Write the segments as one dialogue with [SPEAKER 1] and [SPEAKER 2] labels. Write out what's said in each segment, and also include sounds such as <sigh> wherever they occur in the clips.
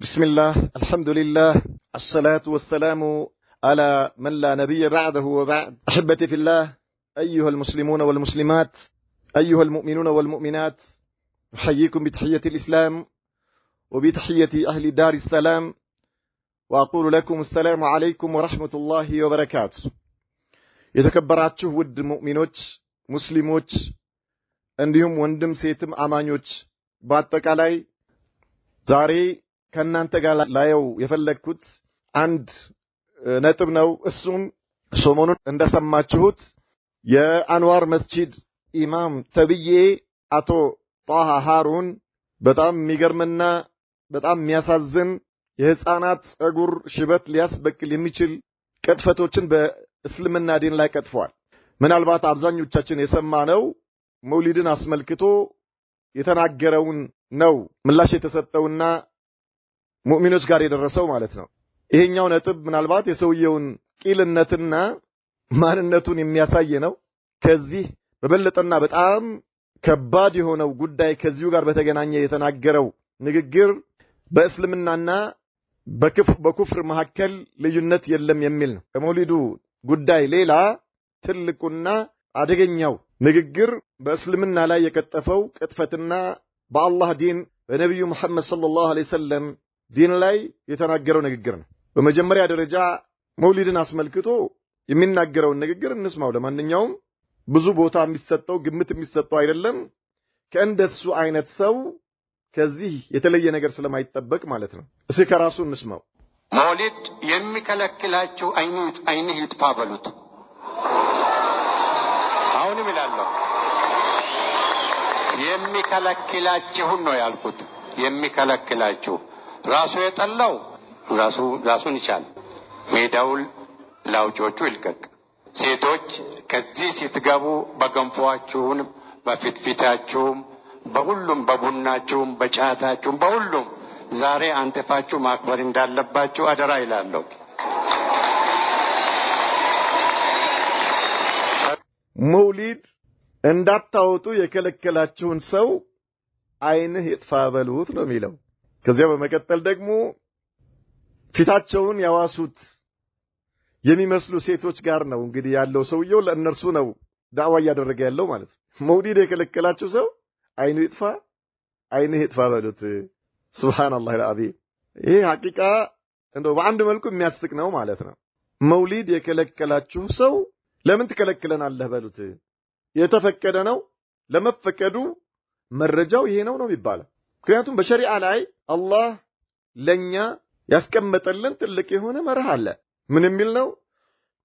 [SPEAKER 1] بسم الله الحمد لله الصلاة والسلام على من لا نبي بعده وبعد أحبتي في الله أيها المسلمون والمسلمات أيها المؤمنون والمؤمنات أحييكم بتحية الإسلام وبتحية أهل دار السلام وأقول لكم السلام عليكم ورحمة الله وبركاته شهود ውድ ሙእሚኖች ሙስሊሞች እንዲሁም سيتم ሴትም باتك علي زاري ከእናንተ ጋር ላየው የፈለግኩት አንድ ነጥብ ነው። እሱም ሰሞኑን እንደሰማችሁት የአንዋር መስጂድ ኢማም ተብዬ አቶ ጣሃ ሃሩን በጣም የሚገርምና በጣም የሚያሳዝን የህፃናት ጸጉር ሽበት ሊያስበክል የሚችል ቅጥፈቶችን በእስልምና ዲን ላይ ቀጥፈዋል። ምናልባት አብዛኞቻችን የሰማነው መውሊድን አስመልክቶ የተናገረውን ነው ምላሽ የተሰጠውና ሙእሚኖች ጋር የደረሰው ማለት ነው። ይሄኛው ነጥብ ምናልባት የሰውየውን ቂልነትና ማንነቱን የሚያሳይ ነው። ከዚህ በበለጠና በጣም ከባድ የሆነው ጉዳይ ከዚሁ ጋር በተገናኘ የተናገረው ንግግር በእስልምናና በኩፍር መካከል ልዩነት የለም የሚል ነው። ከመውሊዱ ጉዳይ ሌላ ትልቁና አደገኛው ንግግር በእስልምና ላይ የቀጠፈው ቅጥፈትና በአላህ ዲን በነቢዩ መሐመድ ሰለላሁ ዐለይሂ ወሰለም ዲን ላይ የተናገረው ንግግር ነው። በመጀመሪያ ደረጃ መውሊድን አስመልክቶ የሚናገረውን ንግግር እንስማው። ለማንኛውም ብዙ ቦታ የሚሰጠው ግምት የሚሰጠው አይደለም። ከእንደሱ አይነት ሰው ከዚህ የተለየ ነገር ስለማይጠበቅ ማለት ነው። እስኪ ከራሱ እንስማው። መውሊድ የሚከለክላችሁ ዓይንህ ይጥፋ በሉት። አሁንም ይላለሁ የሚከለክላችሁን ነው ያልኩት። የሚከለክላችሁ ራሱ የጠላው ራሱን ይቻል። ሜዳውን ለአውጮቹ ይልቀቅ። ሴቶች ከዚህ ስትገቡ በገንፎአችሁን በፍትፊታችሁም፣ በሁሉም በቡናችሁም፣ በጫታችሁም፣ በሁሉም ዛሬ አንጥፋችሁ ማክበር እንዳለባችሁ አደራ ይላለሁ። መውሊድ እንዳታወጡ የከለከላችሁን ሰው ዓይንህ ይጥፋ በሉት ነው የሚለው። ከዚያ በመቀጠል ደግሞ ፊታቸውን ያዋሱት የሚመስሉ ሴቶች ጋር ነው እንግዲህ ያለው ሰውየው ለእነርሱ ነው ዳዕዋ እያደረገ ያለው ማለት ነው። መውሊድ የከለከላችሁ ሰው አይኑ ይጥፋ፣ አይንህ ይጥፋ በሉት። ሱብሃንአላህ ልዓዚም። ይህ ሐቂቃ እንደው በአንድ መልኩ የሚያስቅ ነው ማለት ነው። መውሊድ የከለከላችሁ ሰው ለምን ትከለክለናለህ በሉት። የተፈቀደ ነው። ለመፈቀዱ መረጃው ይሄ ነው ነው የሚባለው። ምክንያቱም በሸሪዓ ላይ አላህ ለእኛ ያስቀመጠልን ትልቅ የሆነ መርህ አለ። ምን የሚል ነው?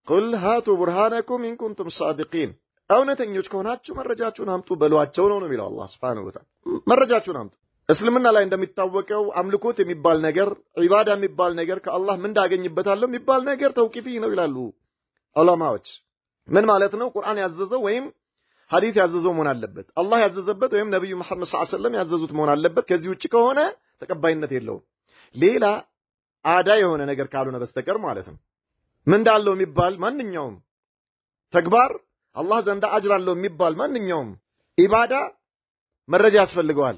[SPEAKER 1] ቁል ሃቱ ቡርሃነኩም ኢንኩንቱም ሳዲቂን፣ እውነተኞች ከሆናችሁ መረጃችሁን አምጡ በሏቸው ነው ነው የሚለው አላህ ሱብሓነሁ ወተዓላ። መረጃችሁን አምጡ። እስልምና ላይ እንደሚታወቀው አምልኮት የሚባል ነገር ዒባዳ የሚባል ነገር ከአላህ ምን እንዳገኝበታለሁ የሚባል ነገር ተውቂፊ ነው ይላሉ ዑለማዎች። ምን ማለት ነው? ቁርአን ያዘዘው ወይም ሐዲስ ያዘዘው መሆን አለበት። አላህ ያዘዘበት ወይም ነቢዩ መሐመድ ሰለላሁ ዐለይሂ ወሰለም ያዘዙት መሆን አለበት። ከዚህ ውጭ ከሆነ ተቀባይነት የለውም። ሌላ አዳ የሆነ ነገር ካልሆነ በስተቀር ማለት ነው። ምን እንዳለው የሚባል ማንኛውም ተግባር አላህ ዘንዳ አጅር አለው የሚባል ማንኛውም ኢባዳ መረጃ ያስፈልገዋል።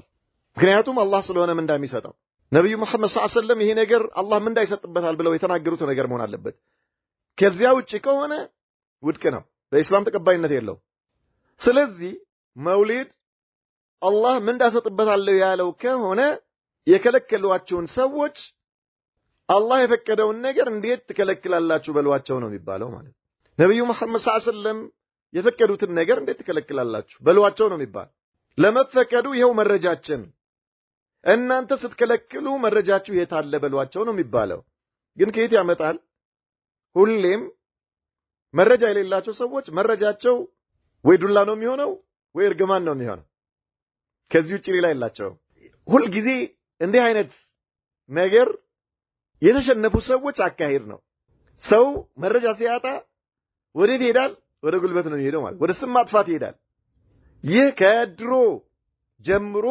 [SPEAKER 1] ምክንያቱም አላህ ስለሆነ ምን የሚሰጠው። ነቢዩ መሐመድ ሰለላሁ ዐለይሂ ወሰለም ይሄ ነገር አላህ ምንዳ ይሰጥበታል ብለው የተናገሩት ነገር መሆን አለበት። ከዚያ ውጭ ከሆነ ውድቅ ነው፣ በኢስላም ተቀባይነት የለው። ስለዚህ መውሊድ አላህ ምን ሰጥበታለሁ ያለው ከሆነ የከለከሏቸውን ሰዎች አላህ የፈቀደውን ነገር እንዴት ትከለክላላችሁ በሏቸው ነው የሚባለው ማለት ነው። ነቢዩ መሐመድ ሰለላሁ ዐለይሂ ወሰለም የፈቀዱትን ነገር እንዴት ትከለክላላችሁ በሏቸው ነው የሚባለው። ለመፈቀዱ ይኸው መረጃችን፣ እናንተ ስትከለክሉ መረጃችሁ አለ በሏቸው ነው
[SPEAKER 2] የሚባለው። ግን ከየት ያመጣል? ሁሌም መረጃ የሌላቸው ሰዎች መረጃቸው ወይ ዱላ ነው የሚሆነው ወይ እርግማን ነው የሚሆነው። ከዚህ ውጭ ሌላ የላቸውም ሁልጊዜ እንዲህ አይነት ነገር የተሸነፉ ሰዎች አካሄድ ነው። ሰው መረጃ ሲያጣ ወዴት ይሄዳል? ወደ ጉልበት ነው የሚሄደው፣ ማለት ወደ ስም ማጥፋት ይሄዳል። ይህ ከድሮ ጀምሮ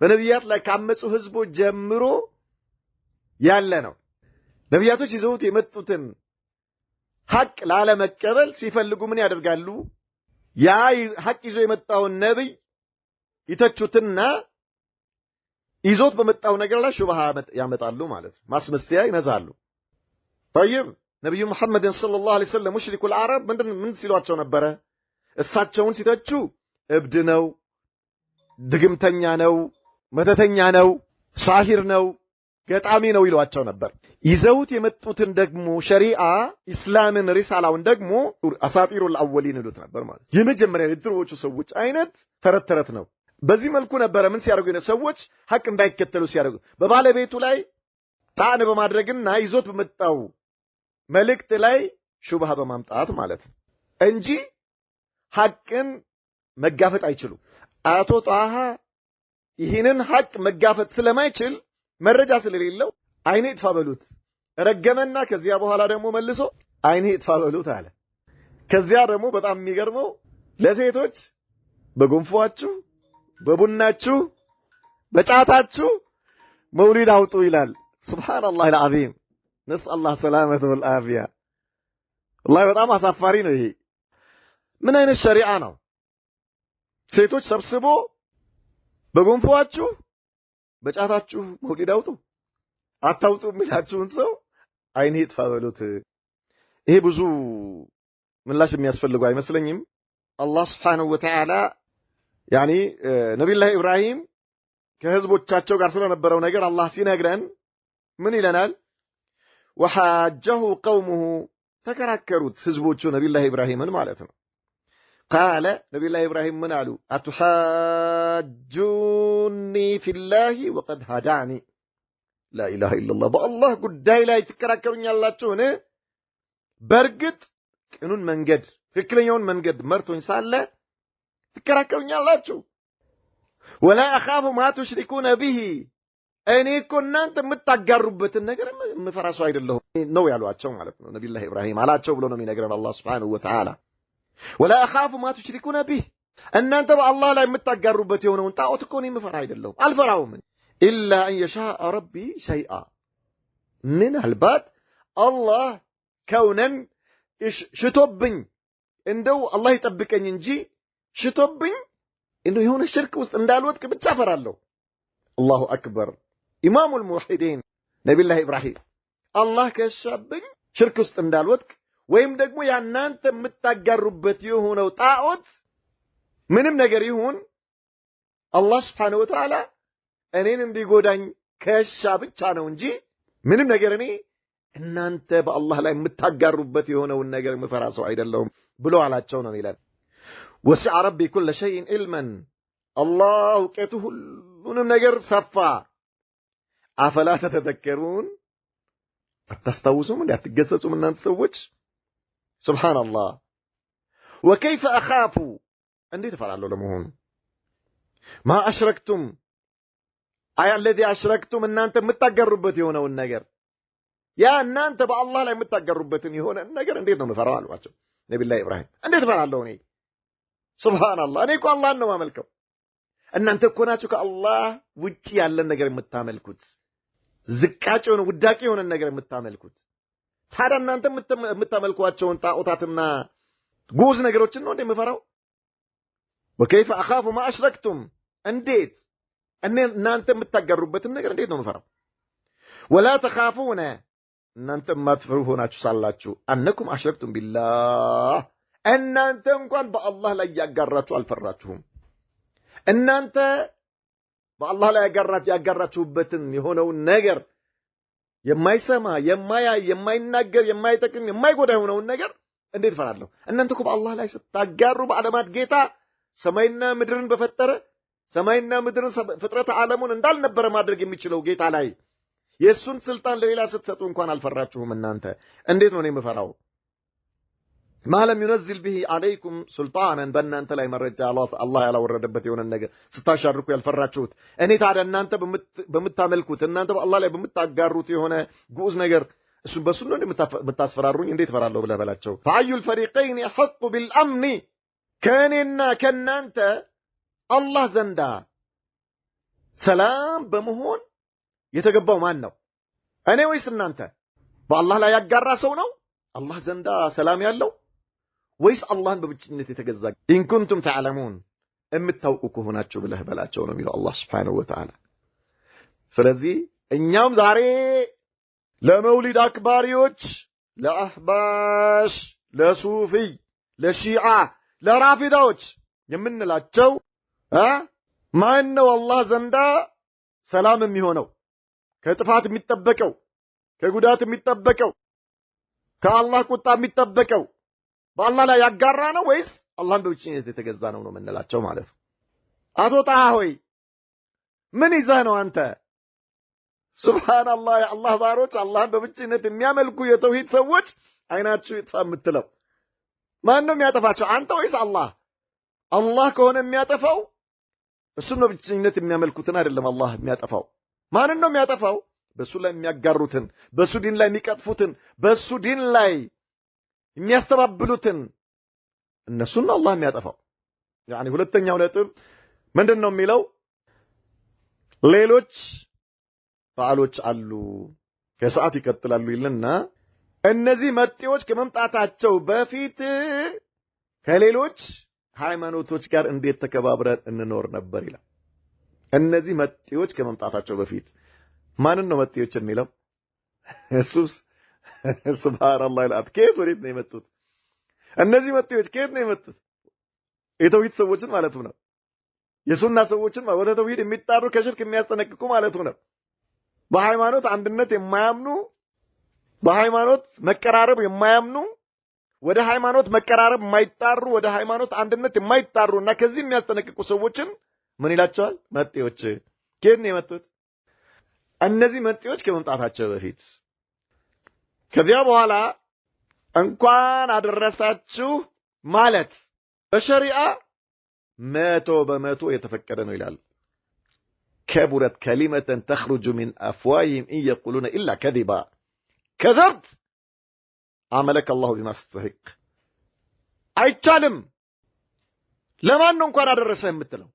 [SPEAKER 2] በነቢያት ላይ ካመፁ ህዝቦች ጀምሮ ያለ ነው።
[SPEAKER 1] ነቢያቶች ይዘውት የመጡትን ሐቅ ላለመቀበል ሲፈልጉ ምን ያደርጋሉ? ያ ሐቅ ይዞ የመጣውን ነቢይ ይተቹትና ይዞት በመጣው ነገር ላይ ሹብሃ ያመጣሉ ማለት ነው። ማስመስያ ይነዛሉ። ጠይብ ነቢዩ መሐመድን ሰለላሁ ዐለይሂ ወሰለም ሙሽሪኩል አረብ ምንድን ምን ሲሏቸው ነበረ? እሳቸውን ሲተቹ እብድ ነው፣ ድግምተኛ ነው፣ መተተኛ ነው፣ ሳሂር ነው፣ ገጣሚ ነው ይሏቸው ነበር። ይዘውት የመጡትን ደግሞ ሸሪዓ ኢስላምን ሪሳላውን ደግሞ አሳጢሩል አወሊን ይሉት ነበር ማለት የመጀመሪያ የድሮዎቹ ሰዎች አይነት ተረት ተረት ነው። በዚህ መልኩ ነበረ ምን ሲያደርጉ ሰዎች ሀቅ እንዳይከተሉ ሲያደርጉ በባለቤቱ ላይ ጣን በማድረግና ይዞት በመጣው መልእክት ላይ ሹብሃ በማምጣት ማለት ነው እንጂ ሀቅን መጋፈጥ አይችሉም። አቶ ጣሃ ይህንን ሀቅ መጋፈጥ ስለማይችል መረጃ ስለሌለው አይነ ይጥፋ በሉት ረገመና ከዚያ በኋላ ደግሞ መልሶ አይነ ይጥፋ በሉት አለ። ከዚያ ደግሞ በጣም የሚገርመው ለሴቶች በጎንፏችሁ በቡናችሁ በጫታችሁ መውሊድ አውጡ ይላል። ሱብሃነላህ አልዓዚም አላህ ሰላመቱ ወልአፊያ። ወላሂ በጣም አሳፋሪ ነው ይሄ። ምን አይነት ሸሪዓ ነው? ሴቶች ሰብስቦ በጉንፏችሁ በጫታችሁ መውሊድ አውጡ አታውጡ የሚላችሁን ሰው አይን ይጥፋ በሉት። ይሄ ብዙ ምላሽ የሚያስፈልገው አይመስለኝም። አላህ ሱብሓነሁ ወተዓላ ያኔ ነቢዩላህ ኢብራሂም ከህዝቦቻቸው ጋር ስለነበረው ነገር አላህ ሲነግረን ምን ይለናል? ወሓጀሁ ቀውሙሁ ተከራከሩት ህዝቦቹ ነቢዩላህ ኢብራሂምን ማለት ነው። ቃለ ነቢዩላህ ኢብራሂም ምን አሉ? አቱሓጁኒ ፊላሂ ወቀድ ሃዳኒ። ላኢላሃ ኢለላህ በአላህ ጉዳይ ላይ ትከራከሩኛላችሁን? በእርግጥ ቅኑን መንገድ ትክክለኛውን መንገድ መርቶኝ ሳለ ትከራከሩኛላችሁ። ወላ አኻፉ ማ ቱሽሪኩነ ቢሂ እኔ እኮ እናንተ የምታጋሩበትን ነገር የምፈራ ሰው አይደለሁም ነው ያሏቸው ማለት ነው። ነቢዩላህ ኢብራሂም አላቸው ብሎ ነው የሚነግረን አላህ ሱብሓነሁ ወተዓላ። ወላ አኻፉ ማ ቱሽሪኩነ ቢህ እናንተ በአላህ ላይ የምታጋሩበት የሆነውን ጣዖት እኮ እኔ የምፈራ አይደለሁም አልፈራውም። ኢላ አን የሻአ ረቢ ሸይአ ምናልባት አላህ ከውነን ሽቶብኝ እንደው አላህ ይጠብቀኝ እንጂ ሽቶብኝ እንደው የሆነ ሽርክ ውስጥ እንዳልወጥቅ ብቻ ፈራለሁ። አላሁ አክበር። ኢማሙል ሙወሒዲን ነቢላህ ኢብራሂም አላህ ከሻብኝ ሽርክ ውስጥ እንዳልወጥቅ ወይም ደግሞ ያናንተ የምታጋሩበት የሆነው ጣዖት ምንም ነገር ይሁን አላህ ስብሓነሁ ወተዓላ እኔን እንዲጎዳኝ ከሻ ብቻ ነው እንጂ ምንም ነገር እኔ እናንተ በአላህ ላይ የምታጋሩበት የሆነውን ነገር ምፈራ ሰው አይደለሁም ብሎ አላቸው ነው ይላል። وسع ربي كل شيء علما الله وكيته من نجر سفا افلا تتذكرون اتستوسوا من اتجسسوا من ان تسوج سبحان الله وكيف اخاف اني تفعل له لمهون ما اشركتم اي الذي اشركتم ان انت متقربت هنا والنجر يا ان انت بالله لا متقربت هنا النجر اني نفرع الواجب نبي الله ابراهيم اني تفعل له ስብሓንላህ እኔ እኮ አላህን ነው ማመልከው። እናንተ እኮ ናችሁ ከአላህ ውጭ ያለን ነገር የምታመልኩት፣ ዝቃጭ የሆነ ውዳቂ የሆነን ነገር የምታመልኩት። ታዲያ እናንተ የምታመልኳቸውን ጣዖታትና ጉዝ ነገሮችን ነው እንደ የምፈራው። ወከይፈ አኻፉ ማ አሽረክቱም፣ እንዴት እናንተ የምታጋሩበትን ነገር እንዴት ነው የምፈራው? ወላ ተኻፉነ፣ እናንተ የማትፈሩ ሆናችሁ ሳላችሁ አነኩም አሽረክቱም ቢላህ እናንተ እንኳን በአላህ ላይ ያጋራችሁ አልፈራችሁም። እናንተ በአላህ ላይ ያጋራችሁበትን የሆነውን ነገር የማይሰማ የማያይ፣ የማይናገር፣ የማይጠቅም፣ የማይጎዳ የሆነውን ነገር እንዴት እፈራለሁ? እናንተ እኮ በአላህ ላይ ስታጋሩ በዓለማት ጌታ ሰማይና ምድርን በፈጠረ ሰማይና ምድርን ፍጥረት ዓለሙን እንዳልነበረ ማድረግ የሚችለው ጌታ ላይ የእሱን ስልጣን ለሌላ ስትሰጡ እንኳን አልፈራችሁም። እናንተ እንዴት ነው እኔ የምፈራው? ማለም ዩነዝል ብሂ አለይኩም ሱልጣነን በእናንተ ላይ መረጃ አላህ ያላወረደበት የሆነ ነገር ስታሻርኩ ያልፈራችሁት። እኔ ታዲያ እናንተ በምታመልኩት እናንተ በአላ ላይ በምታጋሩት የሆነ ግዑዝ ነገር እሱ በሱ ነው የምታስፈራሩኝ እንዴት እፈራለሁ ብለህ በላቸው። ፈአዩል ፈሪቀይን አሐቁ ቢልአምኒ ከእኔና ከእናንተ አላህ ዘንዳ ሰላም በመሆን የተገባው ማን ነው? እኔ ወይስ እናንተ? በአላህ ላይ ያጋራ ሰው ነው አላህ ዘንዳ ሰላም ያለው ወይስ አላህን በብቸኝነት የተገዛ ኢንኩንቱም ተዕለሙን የምታውቁ ከሆናችሁ ብለህ በላቸው ነው የሚለው አላህ ስብሓነሁ ወተዓላ። ስለዚህ እኛም ዛሬ ለመውሊድ አክባሪዎች፣ ለአህባሽ፣ ለሱፊ፣ ለሺዓ፣ ለራፊዳዎች የምንላቸው ማን ነው አላህ ዘንዳ ሰላም የሚሆነው ከጥፋት የሚጠበቀው ከጉዳት የሚጠበቀው ከአላህ ቁጣ የሚጠበቀው በአላህ ላይ ያጋራ ነው ወይስ አላህን በብቸኝነት የተገዛ ነው ነው የምንላቸው ማለት ነው። አቶ ጣሃ ሆይ ምን ይዘህ ነው አንተ? ሱብሃንአላህ የአላህ ባሮች አላህን በብቸኝነት የሚያመልኩ የተውሂድ ሰዎች አይናችሁ ይጥፋ የምትለው ማን ነው የሚያጠፋቸው? አንተ ወይስ አላህ? አላህ ከሆነ የሚያጠፋው እሱ ነው። ብቸኝነት የሚያመልኩትን አይደለም አላህ የሚያጠፋው። ማንን ነው የሚያጠፋው? በእሱ ላይ የሚያጋሩትን፣ በእሱ ዲን ላይ የሚቀጥፉትን፣ በእሱ ዲን ላይ የሚያስተባብሉትን እነሱን አላህ የሚያጠፋው። ያኒ ሁለተኛው ነጥብ ምንድን ነው የሚለው ሌሎች በዓሎች አሉ ከሰዓት ይቀጥላሉ ይልና እነዚህ መጤዎች ከመምጣታቸው በፊት ከሌሎች ሃይማኖቶች ጋር እንዴት ተከባብረን እንኖር ነበር ይላል። እነዚህ መጤዎች ከመምጣታቸው በፊት ማንን ነው መጤዎች የሚለው? እሱስ ስብሃን <laughs> አላህ ከየት ወዴት ነው የመጡት እነዚህ መጤዎች? ከየት ነው የመጡት? የተውሂድ ሰዎችን ማለቱ ነው። የሱና ሰዎችን ወደ ተውሂድ የሚጣሩ ከሽርክ የሚያስጠነቅቁ ማለቱ ነው። በሃይማኖት አንድነት የማያምኑ በሃይማኖት መቀራረብ የማያምኑ ወደ ሃይማኖት መቀራረብ የማይጣሩ ወደ ሃይማኖት አንድነት የማይጣሩ እና ከዚህ የሚያስጠነቅቁ ሰዎችን ምን ይላቸዋል? መጤዎች። ከየት ነው የመጡት? እነዚህ መጤዎች ከመምጣታቸው በፊት ከዚያ በኋላ እንኳን አደረሳችሁ ማለት በሸሪአ መቶ በመቶ የተፈቀደ ነው ይላል። كبرت كلمة تخرج من أفواههم إن يقولون إلا كذبا كذبت عملك الله بما تستحق አይቻልም ለማን ነው እንኳን አደረሰ የምትለው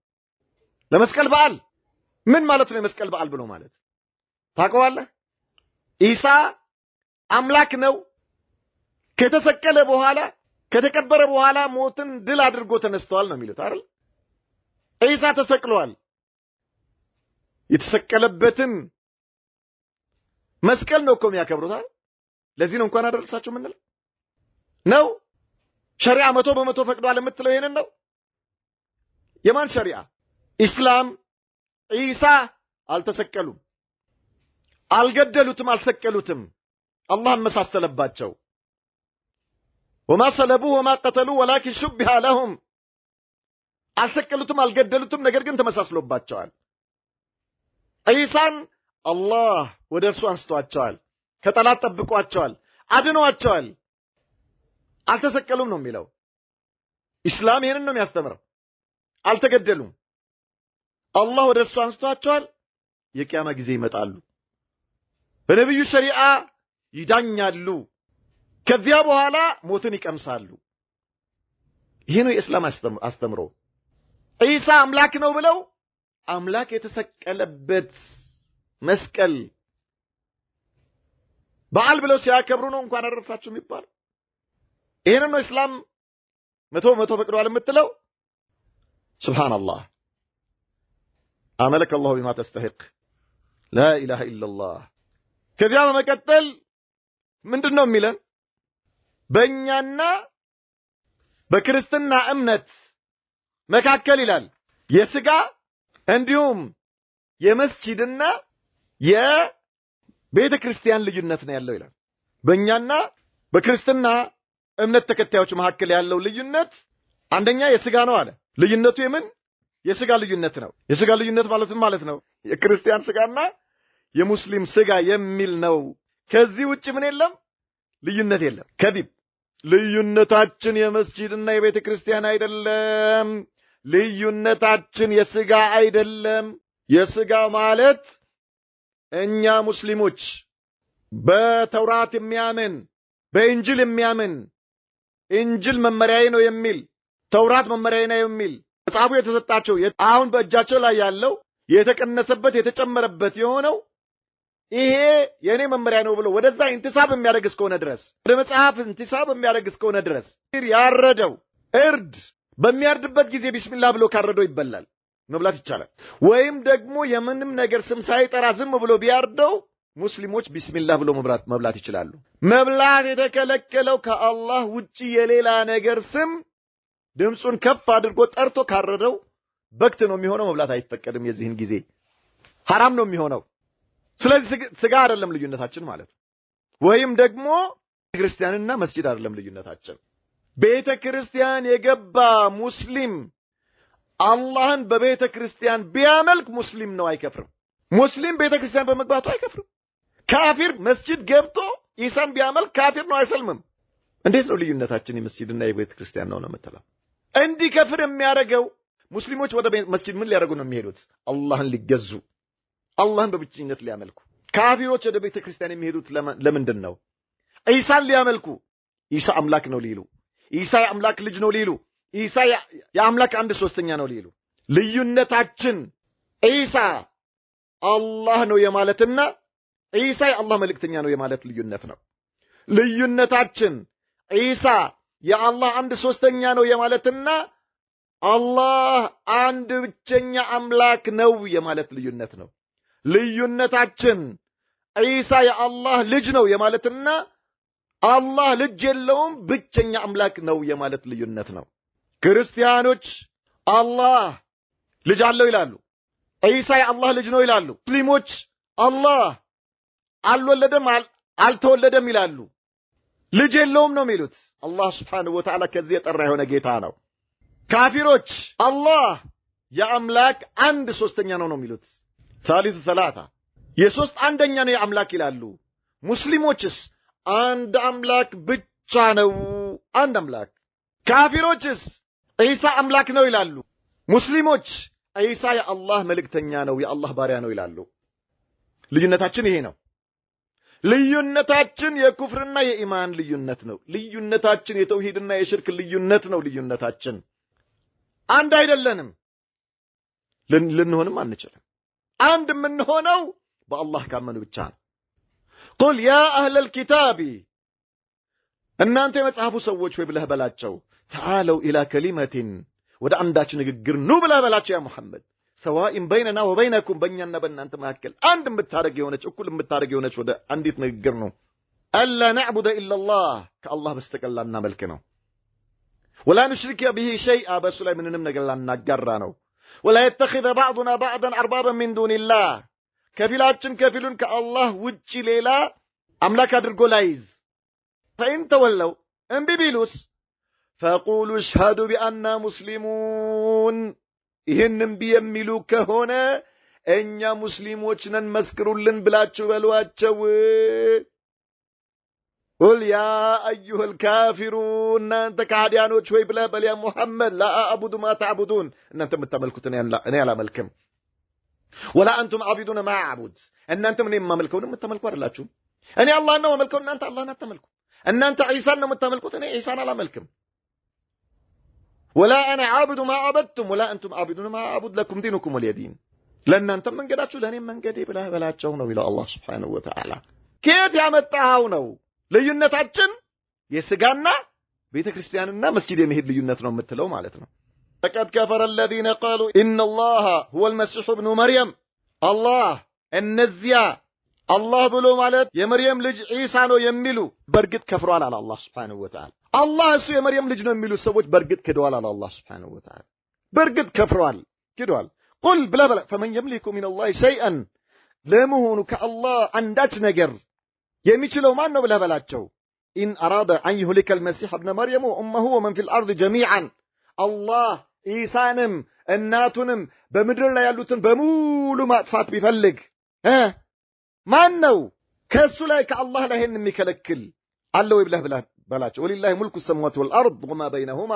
[SPEAKER 1] ለመስቀል በዓል ምን ማለት ነው የመስቀል በዓል ብሎ ማለት ታውቀዋለህ ኢሳ አምላክ ነው። ከተሰቀለ በኋላ ከተቀበረ በኋላ ሞትን ድል አድርጎ ተነስተዋል ነው የሚሉት አይደል? ዒሳ ተሰቅሏል። የተሰቀለበትን መስቀል ነው እኮ የሚያከብሩት አይደል? ለዚህ ነው እንኳን አደረሳችሁ የምንለው ነው። ሸሪዓ መቶ በመቶ ፈቅዷል የምትለው ይሄንን ነው። የማን ሸሪዓ? ኢስላም። ዒሳ አልተሰቀሉም፣ አልገደሉትም፣ አልሰቀሉትም። አላህ አመሳሰለባቸው ወማ ሰለቡ ወማ ቀተሉ ወላኪን ሹቢሃ ለሁም አልሰቀሉትም፣ አልገደሉትም፣ ነገር ግን ተመሳስሎባቸዋል። ዒሳን አላህ ወደ እርሱ አንስቷቸዋል፣ ከጠላት ጠብቋቸዋል፣ አድነዋቸዋል። አልተሰቀሉም ነው የሚለው ኢስላም ይህንን ነው የሚያስተምረው። አልተገደሉም፣ አላህ ወደ እርሱ አንስቷቸዋል። የቅያማ ጊዜ ይመጣሉ በነቢዩ ሸሪዓ ይዳኛሉ። ከዚያ በኋላ ሞትን ይቀምሳሉ። ይህ ነው የእስላም አስተምሮ። ዒሳ አምላክ ነው ብለው አምላክ የተሰቀለበት መስቀል በዓል ብለው ሲያከብሩ ነው እንኳን አደረሳችሁ የሚባል። ይህንን ነው እስላም መቶ መቶ ፈቅደዋል የምትለው። ሱብሓነላህ አመለከ አላሁ ቢማ ተስተሒቅ ላ ኢላሃ ኢለላህ። ከዚያ በመቀጠል ምንድን ነው የሚለን? በእኛና በክርስትና እምነት መካከል ይላል የስጋ እንዲሁም የመስጂድና የቤተ ክርስቲያን ልዩነት ነው ያለው ይላል። በእኛና በክርስትና እምነት ተከታዮች መካከል ያለው ልዩነት አንደኛ የስጋ ነው አለ። ልዩነቱ የምን የስጋ ልዩነት ነው። የስጋ ልዩነት ማለት ምን ማለት ነው? የክርስቲያን ስጋና የሙስሊም ስጋ የሚል ነው ከዚህ ውጭ ምን የለም ልዩነት የለም ከዚህ ልዩነታችን የመስጂድና የቤተ ክርስቲያን አይደለም ልዩነታችን የሥጋ አይደለም የሥጋ ማለት እኛ ሙስሊሞች በተውራት የሚያምን በእንጅል የሚያምን እንጅል መመሪያዬ ነው የሚል ተውራት መመሪያዬ ነው የሚል መጽሐፉ የተሰጣቸው አሁን በእጃቸው ላይ ያለው የተቀነሰበት የተጨመረበት የሆነው ይሄ የእኔ መመሪያ ነው ብሎ ወደዛ ኢንትሳብ የሚያደርግ እስከሆነ ድረስ ወደ መጽሐፍ ኢንትሳብ የሚያደርግ እስከሆነ ድረስ ያረደው እርድ በሚያርድበት ጊዜ ቢስሚላ ብሎ ካረደው ይበላል፣ መብላት ይቻላል። ወይም ደግሞ የምንም ነገር ስም ሳይጠራ ዝም ብሎ ቢያርደው ሙስሊሞች ቢስሚላህ ብሎ መብላት ይችላሉ። መብላት የተከለከለው ከአላህ ውጭ የሌላ ነገር ስም ድምፁን ከፍ አድርጎ ጠርቶ ካረደው በክት ነው የሚሆነው። መብላት አይፈቀድም። የዚህን ጊዜ ሐራም ነው የሚሆነው። ስለዚህ ስጋ አይደለም ልዩነታችን ማለት ወይም ደግሞ ክርስቲያንና መስጂድ አይደለም ልዩነታችን። ቤተ ክርስቲያን የገባ ሙስሊም አላህን በቤተ ክርስቲያን ቢያመልክ ሙስሊም ነው፣ አይከፍርም። ሙስሊም ቤተ ክርስቲያን በመግባቱ አይከፍርም። ካፊር መስጂድ ገብቶ ኢሳን ቢያመልክ ካፊር ነው፣ አይሰልምም። እንዴት ነው ልዩነታችን የመስጂድና የቤተ ክርስቲያን ነው ነው የምትለው? እንዲከፍር የሚያደርገው ሙስሊሞች ወደ መስጂድ ምን ሊያደርጉ ነው የሚሄዱት? አላህን ሊገዙ አላህን በብቸኝነት ሊያመልኩ ካፊሮች ወደ ቤተ ክርስቲያን የሚሄዱት ለምንድን ነው? ዒሳን ሊያመልኩ ኢሳ አምላክ ነው ሊሉ፣ ኢሳ የአምላክ ልጅ ነው ሊሉ፣ ኢሳ የአምላክ አንድ ሶስተኛ ነው ሊሉ። ልዩነታችን ዒሳ አላህ ነው የማለትና ዒሳ የአላህ መልእክተኛ ነው የማለት ልዩነት ነው። ልዩነታችን ዒሳ የአላህ አንድ ሶስተኛ ነው የማለትና አላህ አንድ ብቸኛ አምላክ ነው የማለት ልዩነት ነው። ልዩነታችን ዒሳ የአላህ ልጅ ነው የማለትና አላህ ልጅ የለውም ብቸኛ አምላክ ነው የማለት ልዩነት ነው። ክርስቲያኖች አላህ ልጅ አለው ይላሉ። ዒሳ የአላህ ልጅ ነው ይላሉ። ሙስሊሞች አላህ አልወለደም አልተወለደም ይላሉ። ልጅ የለውም ነው የሚሉት። አላህ ስብሓንሁ ወተዓላ ከዚህ የጠራ የሆነ ጌታ ነው። ካፊሮች አላህ የአምላክ አንድ ሶስተኛ ነው ነው የሚሉት። ሳሊስ ሰላታ የሦስት አንደኛ ነው የአምላክ ይላሉ። ሙስሊሞችስ አንድ አምላክ ብቻ ነው፣ አንድ አምላክ። ካፊሮችስ ዒሳ አምላክ ነው ይላሉ። ሙስሊሞች ዒሳ የአላህ መልእክተኛ ነው፣ የአላህ ባሪያ ነው ይላሉ። ልዩነታችን ይሄ ነው። ልዩነታችን የኩፍርና የኢማን ልዩነት ነው። ልዩነታችን የተውሂድና የሽርክ ልዩነት ነው። ልዩነታችን አንድ አይደለንም፣ ልንሆንም አንችልም። አንድ የምንሆነው በአላህ ካመኑ ብቻ ነው። ቁል ያ አህለል ኪታቢ እናንተ የመጽሐፉ ሰዎች ወይ ብለህ በላቸው። ተዓለው ኢላ ከሊመቲን ወደ አንዳች ንግግር ኑ ብለህ በላቸው። ያ ሙሐመድ ሰዋኢን በይነና ወበይነኩም በእኛና በእናንተ መካከል አንድ የምታደርግ የሆነች እኩል የምታደርግ የሆነች ወደ አንዲት ንግግር ነው። አላ ነዕቡደ ኢላላህ ከአላህ በስተቀር ላናመልክ ነው። ወላ ንሽሪከ ብሂ ሸይአ በእሱ ላይ ምንንም ነገር ላናጋራ ነው። ولا يتخذ بعضنا بعضا اربابا من دون الله كفيلاتشن كفيلون كالله وجي ليلا املاك الجولايز فان تولوا ام بيبيلوس فقولوا اشهدوا بأننا مسلمون ይህንም ቢየሚሉ ከሆነ እኛ ሙስሊሞች ነን መስክሩልን ብላችሁ በሏቸው قل يا أيها الكافرون أنت كعديان شوي بلا بل يا محمد لا أعبد ما تعبدون أن أنتم تملكون لا أنا لا ملكم ولا أنتم عابدون ما أعبد أن أنتم ما ملكون أنتم تملكون لا شو أنا الله أنا ملكون أن أنت الله أنا تملكون أن أنت عيسى أنا متملكون أنا عيسى أنا لا ملكم ولا أنا عابد ما عبدتم ولا أنتم عابدون ما أعبد لكم دينكم واليدين لأن أنتم من قدرتوا لأن من قدي بلا بلا تشونوا إلى الله سبحانه وتعالى كيف يا تعاونوا ልዩነታችን የሥጋና ቤተ ክርስቲያንና መስጂድ የመሄድ ልዩነት ነው የምትለው ማለት ነው። ፈቀድ ከፈረ አለዚነ ቃሉ ኢነላሃ ሁወ ልመሲሑ ብኑ መርየም አላህ እነዚያ አላህ ብሎ ማለት የመርየም ልጅ ዒሳ ነው የሚሉ በእርግጥ ከፍሯል አለ አላህ ስብሓንሁ ወተዓላ። አላህ እሱ የመርየም ልጅ ነው የሚሉ ሰዎች በእርግጥ ክደዋል አለ አላህ ስብሓንሁ ወተዓላ። በእርግጥ ከፍሯል፣ ክደዋል። ቁል ብላ ፈመን የምሊኩ ሚነላህ ሸይአን ለመሆኑ ከአላህ አንዳች ነገር የሚችለው ማን ነው ብለህ በላቸው። ኢን አራደ አን ዩህሊከ አልመሲሕ እብነ መርየም ወኡመሁ ወመን ፊል አርድ ጀሚዓን አላህ ኢሳንም እናቱንም በምድር ላይ ያሉትን በሙሉ ማጥፋት ቢፈልግ ማን ነው ከእሱ ላይ ከአላህ ላይ ይህን የሚከለክል አለ ወይ ብለህ በላቸው። ወሊላሂ ሙልኩ ሰማዋት ወልአርድ ወማ በይነሁማ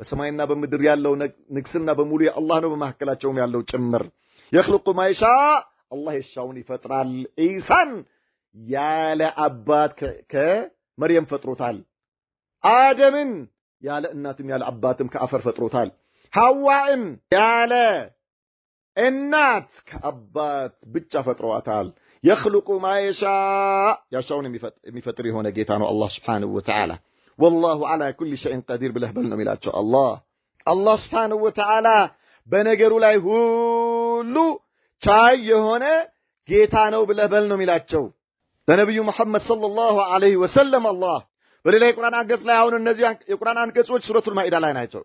[SPEAKER 1] በሰማይና በምድር ያለው ንግስና በሙሉ የአላህ ነው፣ በመካከላቸውም ያለው ጭምር። የኽልቁ ማይሻ አላህ የሻውን ይፈጥራል። ኢሳን ያለ አባት ከመርየም ፈጥሮታል። አደምን ያለ እናትም ያለ አባትም ከአፈር ፈጥሮታል። ሐዋዕን ያለ እናት ከአባት ብቻ ፈጥረዋታል። የኽልቁ ማየሻ ያሻውን የሚፈጥር የሆነ ጌታ ነው አላህ ስብሓንሁ ወተዓላ። ወላሁ ዓላ ኩል ሸይን ቀዲር ብለህ በል ነው የሚላቸው አላህ አላህ ስብሓንሁ ወተዓላ በነገሩ ላይ ሁሉ ቻይ የሆነ ጌታ ነው ብለህ በል ነው የሚላቸው። تنبي محمد صلى الله عليه وسلم الله ولله قرآن عن قصلا يعون النزي قرآن عن قصوة سورة المائدة لا ينهيته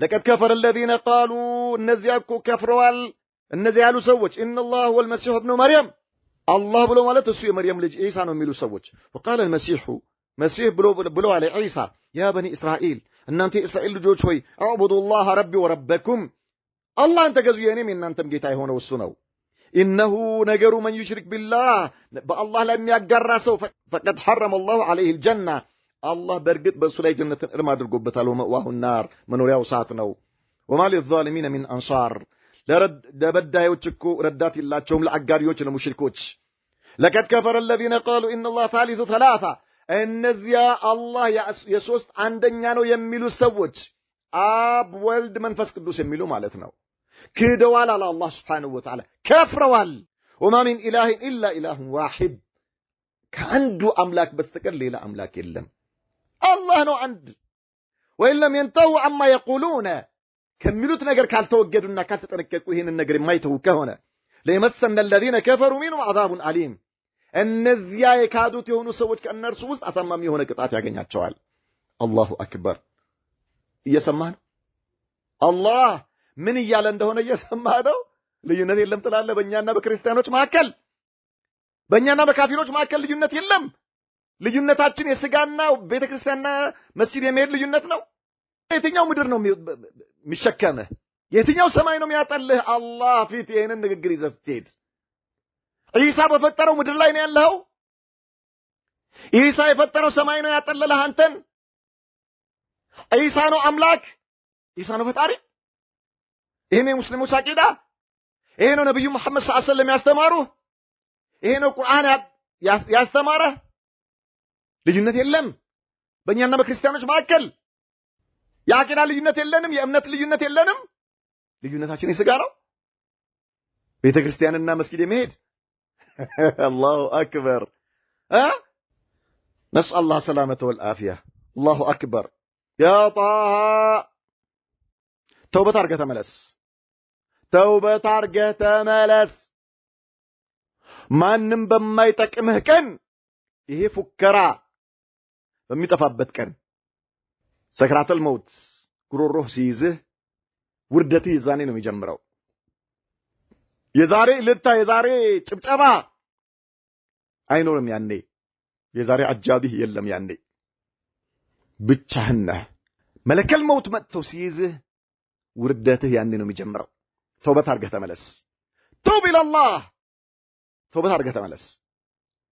[SPEAKER 1] لقد كفر الذين قالوا النزي أكو كفروا النزي على سوج إن الله هو المسيح ابن مريم الله بلو مالته سوي مريم لج إيسا نميلو سوج وقال المسيح مسيح بلو, بلو على عيسى يا بني إسرائيل أن أنت إسرائيل جوج شوي أعبدوا الله ربي وربكم الله أنت قزو من أنتم قيتاي هنا والسنو ኢነሁ ነገሩ መን ዩሽሪክ ቢላህ በአላህ ላይ የሚያጋራ ሰው ፈቀድ ሐረመ ላሁ ዐለይህ ልጀና አላህ በእርግጥ በእሱ ላይ ጀነትን እርም አድርጎበታል። ወመእዋሁ ናር መኖሪያው እሳት ነው። ወማ ሊዛሊሚነ ሚን አንሳር ለበዳዮች እኮ ረዳት የላቸውም፣ ለአጋሪዎች፣ ለሙሽሪኮች ለቀድ ከፈረ አለዚነ ቃሉ ኢና ላህ ተላታ እነዚያ አላህ የሶስት አንደኛ ነው የሚሉ ሰዎች አብ፣ ወልድ፣ መንፈስ ቅዱስ የሚሉ ማለት ነው። ክደዋል አለ አላህ ስብሓንሁ ወተዓላ ከፍረዋል። ወማ ሚን ኢላህን ኢላ ኢላሁን ዋሂድ ከአንዱ አምላክ በስተቀር ሌላ አምላክ የለም። አላህ ነው አንድ። ወኢን ለም የንተው አማ የቁሉነ ከሚሉት ነገር ካልተወገዱና ካልተጠነቀቁ ይህንን ነገር የማይተዉ ከሆነ ለየመሰነ አለዚነ ከፈሩ ሚንሁም አዛቡን አሊም እነዚያ የካዱት የሆኑ ሰዎች ከእነርሱ ውስጥ አሳማሚ የሆነ ቅጣት ያገኛቸዋል። አላሁ አክበር እየሰማ ነው አላህ ምን እያለ እንደሆነ እየሰማ ነው። ልዩነት የለም ትላለህ። በእኛና በክርስቲያኖች መካከል፣ በእኛና በካፊሮች መካከል ልዩነት የለም። ልዩነታችን የስጋና ቤተ ክርስቲያንና መስጂድ የመሄድ ልዩነት ነው። የትኛው ምድር ነው የሚሸከምህ? የትኛው ሰማይ ነው የሚያጠልህ? አላህ ፊት ይህንን ንግግር ይዘህ ስትሄድ ዒሳ በፈጠረው ምድር ላይ ነው ያለኸው። ዒሳ የፈጠረው ሰማይ ነው ያጠለለህ አንተን። ዒሳ ነው አምላክ፣ ዒሳ ነው ፈጣሪ። ይህም የሙስሊሞች አቂዳ ይሄ ነው። ነቢዩ መሐመድ ሰለላሁ ዐለይሂ ወሰለም ያስተማሩ ይሄ ነው። ቁርአን ያስተማረ ልዩነት የለም። በእኛና በክርስቲያኖች መካከል የአቂዳ ልዩነት የለንም። የእምነት ልዩነት የለንም። ልዩነታችን የስጋ ነው። ቤተ ክርስቲያንና መስጊድ የመሄድ አላሁ አክበር እ ነስአላህ ሰላመተ ወልአፍያ አላሁ አክበር ያ ጣሃ ተውበት አድርገህ ተመለስ። ተውበት አርገህ ተመለስ። ማንም በማይጠቅምህ ቀን ይሄ ፉከራ በሚጠፋበት ቀን ሰክራተል መውት ጉሮሮህ ሲይዝህ ውርደትህ የዛኔ ነው የሚጀምረው። የዛሬ እልልታ፣ የዛሬ ጭብጨባ አይኖርም ያኔ። የዛሬ አጃቢህ የለም ያኔ። ብቻህን ነህ። መለከል መውት መጥቶ ሲይዝህ ውርደትህ ያኔ ነው የሚጀምረው። ተውበት አድርገህ ተመለስ። ቱብ ኢላላህ ተውበት አድርገህ ተመለስ።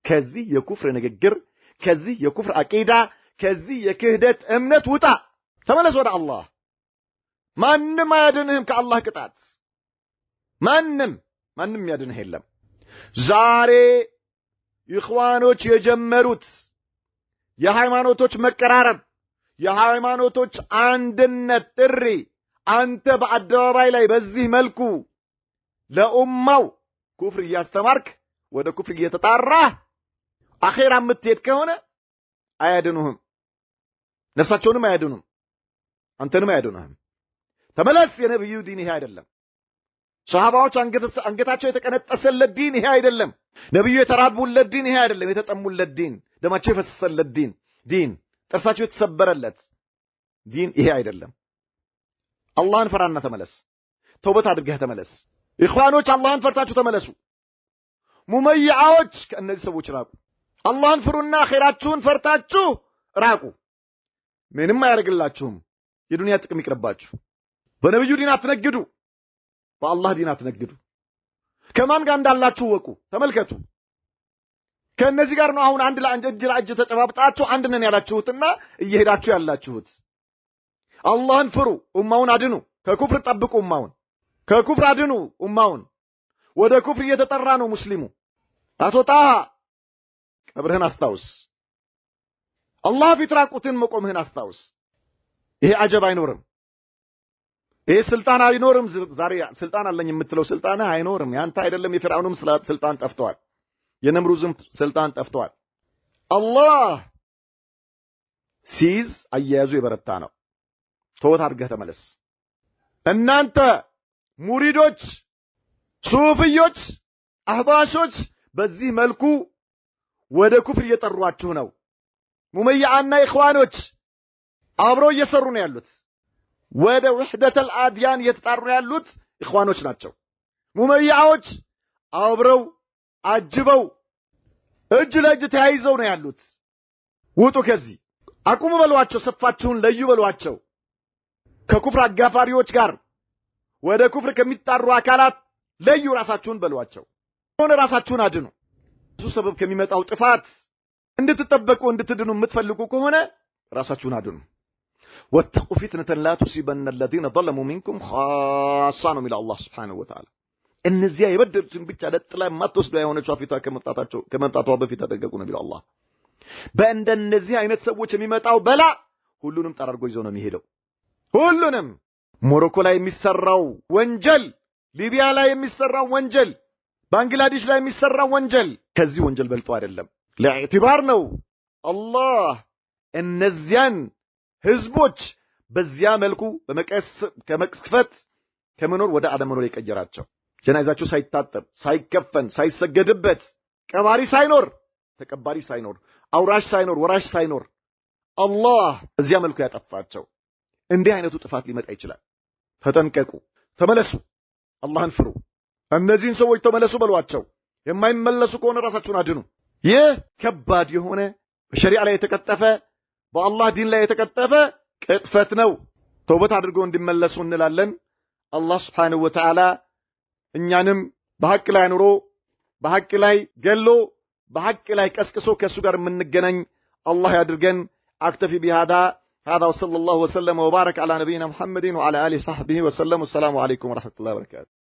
[SPEAKER 1] ከዚህ የኩፍር ንግግር፣ ከዚህ የኩፍር አቂዳ፣ ከዚህ የክህደት እምነት ውጣ፣ ተመለስ ወደ አላህ። ማንም አያድንህም ከአላህ ቅጣት። ማንም ማንም ያድንህ የለም። ዛሬ ኢኽዋኖች የጀመሩት የሃይማኖቶች መቀራረብ፣ የሃይማኖቶች አንድነት ጥሪ አንተ በአደባባይ ላይ በዚህ መልኩ ለኡማው ኩፍር እያስተማርክ ወደ ኩፍር እየተጣራህ አኼራ የምትሄድ ከሆነ አያድኑህም፣ ነፍሳቸውንም አያድኑም፣ አንተንም አያድኑህም። ተመለስ። የነቢዩ ዲን ይሄ አይደለም። ሰሃባዎች አንገታቸው የተቀነጠሰለት ዲን ይሄ አይደለም። ነቢዩ የተራቡለት ዲን ይሄ አይደለም። የተጠሙለት ዲን፣ ደማቸው የፈሰሰለት ዲን ዲን ጥርሳቸው የተሰበረለት ዲን ይሄ አይደለም። አላህን ፈራና ተመለስ። ተውበት አድርገህ ተመለስ። ኢኽዋኖች አላህን ፈርታችሁ ተመለሱ። ሙመይዓዎች ከእነዚህ ሰዎች ራቁ። አላህን ፍሩና ኼራችሁን ፈርታችሁ ራቁ። ምንም አያደርግላችሁም። የዱንያ ጥቅም ይቅርባችሁ። በነቢዩ ዲን አትነግዱ፣ በአላህ ዲን አትነግዱ። ከማን ጋር እንዳላችሁ ወቁ፣ ተመልከቱ። ከእነዚህ ጋር ነው አሁን አንድ ለአንድ እጅ ለእጅ ተጨባብጣችሁ አንድ ነን ያላችሁትና እየሄዳችሁ ያላችሁት። አላህን ፍሩ፣ ኡማውን አድኑ። ከኩፍር ጠብቁ፣ ኡማውን ከኩፍር አድኑ። ኡማውን ወደ ኩፍር እየተጠራ ነው ሙስሊሙ። አቶ ጣሃ ቀብርህን አስታውስ። አላህ ፊት ራቁትን መቆምህን አስታውስ። ይሄ አጀብ አይኖርም። ይሄ ስልጣን አይኖርም። ዛሬ ስልጣን አለኝ የምትለው ስልጣንህ አይኖርም። ያንተ አይደለም። የፊርዓውንም ስልጣን ጠፍተዋል። የነምሩዝም ስልጣን ጠፍተዋል። አላህ ሲይዝ አያያዙ የበረታ ነው። ተወት አድርገህ ተመለስ። እናንተ ሙሪዶች፣ ሱፍዮች፣ አህባሾች በዚህ መልኩ ወደ ኩፍር እየጠሯችሁ ነው። ሙመያአና ኢኽዋኖች አብረው እየሰሩ ነው ያሉት። ወደ ውሕደተል አድያን እየተጣሩ ያሉት ኢኽዋኖች ናቸው። ሙመያዎች አብረው አጅበው እጅ ለእጅ ተያይዘው ነው ያሉት። ውጡ ከዚህ አቁሙ በሏቸው፣ ሰፋችሁን ለዩ በሏቸው። ከኩፍር አጋፋሪዎች ጋር ወደ ኩፍር ከሚጣሩ አካላት ለዩ፣ ራሳችሁን በሏቸው፣ ሆነ ራሳችሁን አድኑ። እሱ ሰበብ ከሚመጣው ጥፋት እንድትጠበቁ እንድትድኑ የምትፈልጉ ከሆነ ራሳችሁን አድኑ። ወተቁ ፊትነተን ላ ቱሲበነ አለዚነ ዘለሙ ሚንኩም ኻሳ ነው የሚለው አላህ ስብሓነሁ ወተዓላ። እነዚያ የበደሉትን ብቻ ለጥላ የማትወስዱ የሆነችዋ ፊቷ ከመምጣቷ በፊት ተጠንቀቁ ነው የሚለው አላህ። በእንደነዚህ አይነት ሰዎች የሚመጣው በላ ሁሉንም ጠራርጎ ይዞ ነው የሚሄደው። ሁሉንም ሞሮኮ ላይ የሚሰራው ወንጀል፣ ሊቢያ ላይ የሚሰራው ወንጀል፣ ባንግላዴሽ ላይ የሚሰራው ወንጀል ከዚህ ወንጀል በልጦ አይደለም። ለኢዕቲባር ነው። አላህ እነዚያን ህዝቦች በዚያ መልኩ ከመቅስፈት ከመኖር ወደ አለመኖር የቀየራቸው ጀናይዛቸው ሳይታጠብ ሳይከፈን ሳይሰገድበት ቀባሪ ሳይኖር ተቀባሪ ሳይኖር አውራሽ ሳይኖር ወራሽ ሳይኖር አላህ በዚያ መልኩ ያጠፋቸው እንዲህ አይነቱ ጥፋት ሊመጣ ይችላል። ተጠንቀቁ፣ ተመለሱ፣ አላህን ፍሩ። እነዚህን ሰዎች ተመለሱ በሏቸው። የማይመለሱ ከሆነ ራሳችሁን አድኑ። ይህ ከባድ የሆነ በሸሪዓ ላይ የተቀጠፈ በአላህ ዲን ላይ የተቀጠፈ ቅጥፈት ነው። ተውበት አድርጎ እንዲመለሱ እንላለን። አላህ ስብሓንሁ ወተዓላ እኛንም በሐቅ ላይ አኑሮ በሐቅ ላይ ገሎ በሐቅ ላይ ቀስቅሶ ከእሱ ጋር የምንገናኝ አላህ ያድርገን። አክተፊ ቢሃዳ هذا وصلى الله وسلم وبارك على نبينا محمد وعلى آله وصحبه وسلم والسلام عليكم ورحمة الله وبركاته